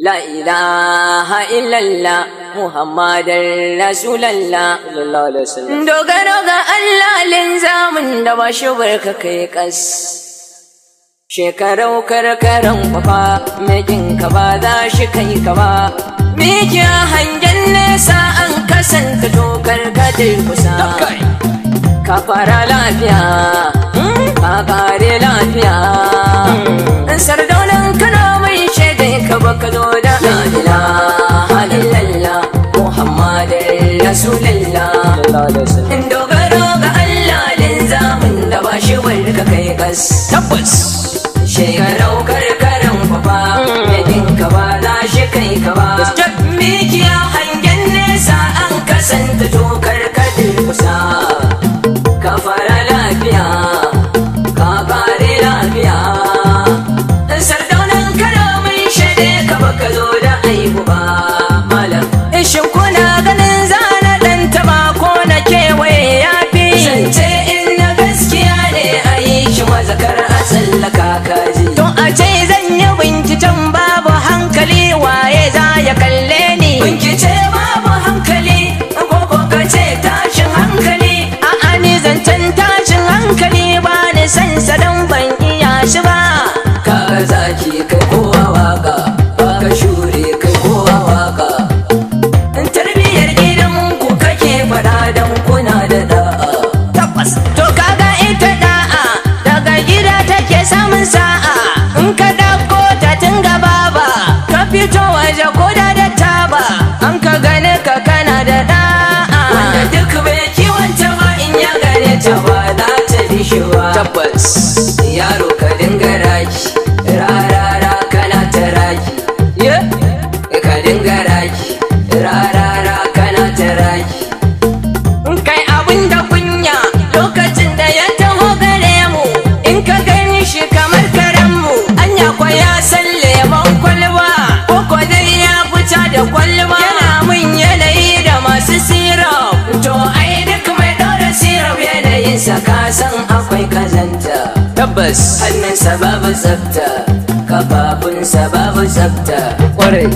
La ilaha illallah Muhammadar Rasulallah Dogaro ga Allah linzamin da ba shi barka kai kas. Shekarau karkaran kwafa, mijin ka ba za shi kai ka ba. Mijiya hangen nesa an kasanta dokar gadai kusa. Ka fara lafiya, ka kare lafiya. sallallahu dogaro ga Allah linzamin da ba shi ka kai gas tabbas shekarau karkaran kwafa hmm. da dinka ba za shi kai ka ba mikiya hangen nesa an kasanta tokar kadir kusa 相反。tabbas yaro ka dinga raki jikinsa ka san akwai kazanta tabbas hannunsa babu tsafta kafafunsa babu tsafta kwarai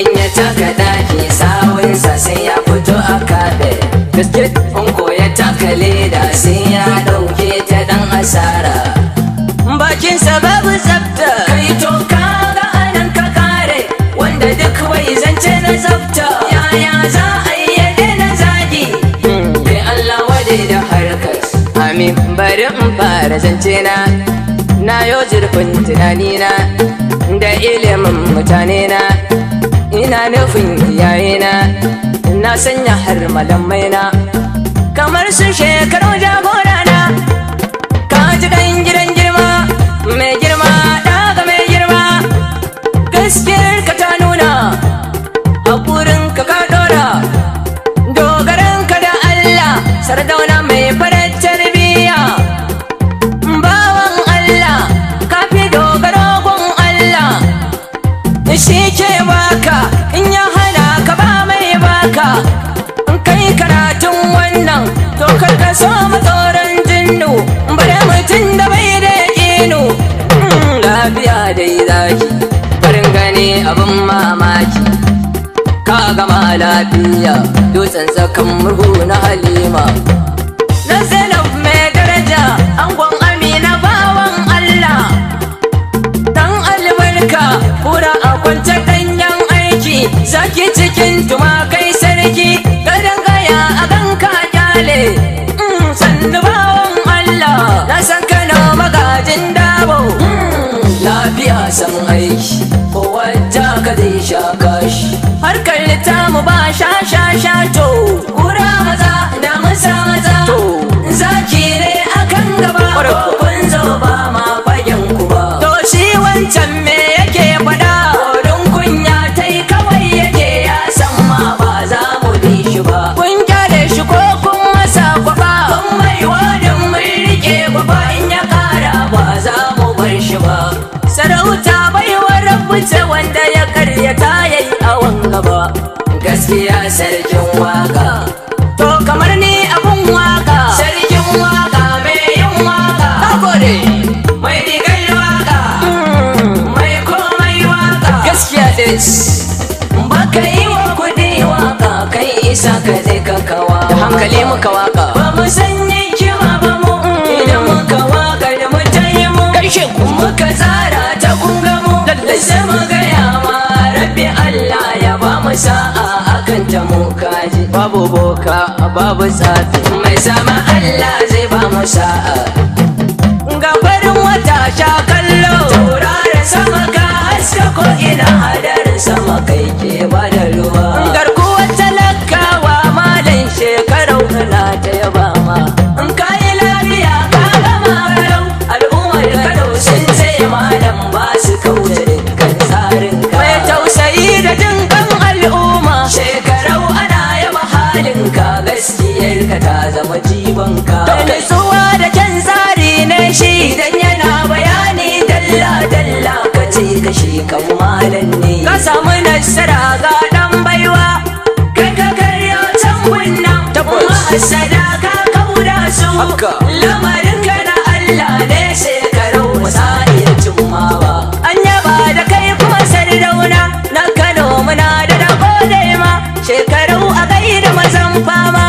in ya taka daji sawunsa sai ya fito a kaɓe in ya taka leda sai ya ɗauke ta dan asara bakinsa babu zabta. min bari in fara zance na na yo jirfin tunani na da ilimin mutane na ina nufin iyaye na na sanya har malamai na kamar su shekaru jagora na ka ji kan gidan girma mai girma daga mai girma gaskiyar ka ta nuna hakurin ka ka dora dogaran ka da Allah sardauna so mu tsoron jinnu bare mutum da bai da inu hmm, lafiya dai zaki farin gane abin mamaki ka gama lafiya dutsen tsakan murhu na halima na zainab mai daraja angon amina bawan allah dan albarka kura a kwance danyen aiki zaki cikin tumakai aiki ko wata ka zai sha kashi harkar ta mu ba sha sha sha to sarkin waka to kamar ni abun waka sarkin waka mai yin waka nagode mai digar waka mm. mai komai waka gaskiya des baka yi wa kudi waka kai isa ka je ka kawa da hankali muka waka ba mu sanya kima ba mu mm. idan muka waka da mu tayi mu karshe ku muka tsara ta kunga mu sai mu gaya ma rabbi Allah ya ba mu sa'a babu boka babu tsati mai sama Allah zai ba mu sa'a ga farin wata sha kallo taurarin sama ka haska ko ina hadarin sama kai ke ba da ruwa da shi kan malam ne ka samu nasara ga dan baiwa kai ka karya can kunnan kuma asada ka kauda su lamarin ka na Allah ne shekaru sa iya cimmawa an yaba da kai kuma sardauna na Kano muna da da gode ma shekaru a da mazan fama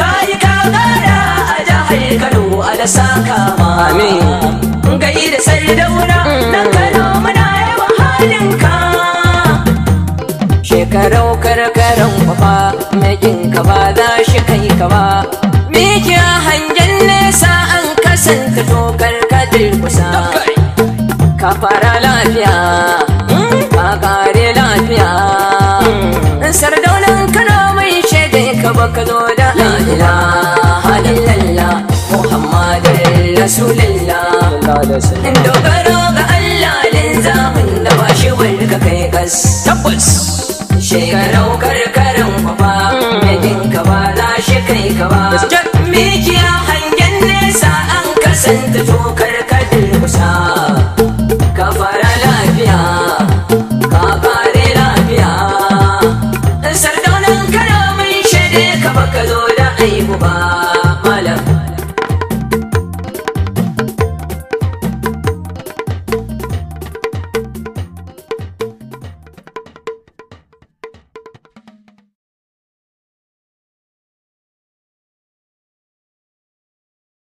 kai ka gara a jahar Kano ala saka ma amin gai da sardauna mm. nan karau karkaran kwafa mai ka ba za shi kai ka ba mikiya hangen nesa an kasanta tokar kadir kusa ka fara lafiya ka kare lafiya sardaunan kana mai shaidai ka baka zo da la'ila halillallah muhammadin rasulillah dogaro ga allah linzamin da ba shi wani ka kai 就开。